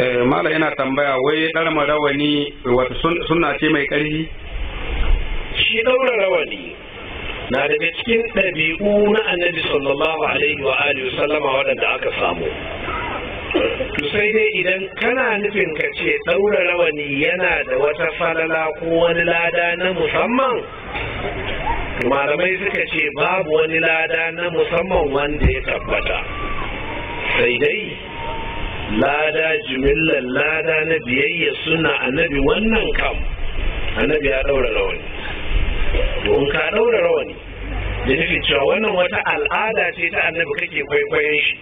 Eh, mala yana tambaya wai ɗarama rawani wata suna ce mai ƙarfi shi ɗaura rawani na daga cikin ɗabi'u na annabi sallallahu alaihi wa alihi sallama waɗanda aka samu to sai dai idan kana nufin ka ce ɗaura rawani yana da wata falala ko wani lada na musamman malamai suka ce babu wani lada na musamman wanda ya tabbata sai dai lada jimillar lada na biyayya suna annabi wannan kam annabi ya daura rawani in ka daura rawani da nufin cewa wannan wata al'ada ce ta annabi kake kwaikwayon shi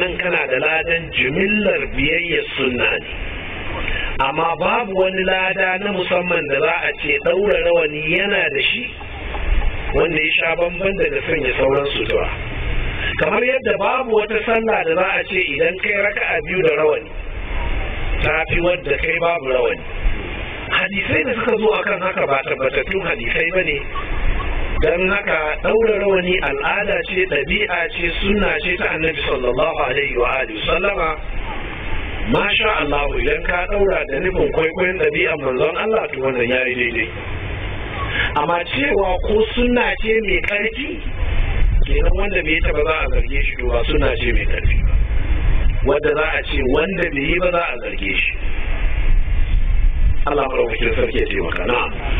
nan kana da ladan jimillar biyayya sunna ne amma babu wani lada na musamman da za a ce daura rawani yana da shi wanda ya sha bamban daga sanya sauran sutura kamar yadda babu wata sallah da za a ce idan kai raka a biyu da rawani ta fi wadda kai babu rawani hadisai da suka zo a kan haka ba tabbatattun hadisai ba ne don haka ɗaura rawani al'ada ce ɗabi'a ce suna ce ta annabi sallallahu alaihi wa alihi sallama masha Allah idan ka ɗaura da nufin kwaikwayon ɗabi'a manzon Allah to wannan yi daidai amma cewa ko suna ce mai ƙarfi kenan wanda bai ta ba za a zarge shi to ba suna ce mai karfi ba wanda za a ce wanda bai yi ba za a zarge shi Allah faraukakin sarki ya taimaka na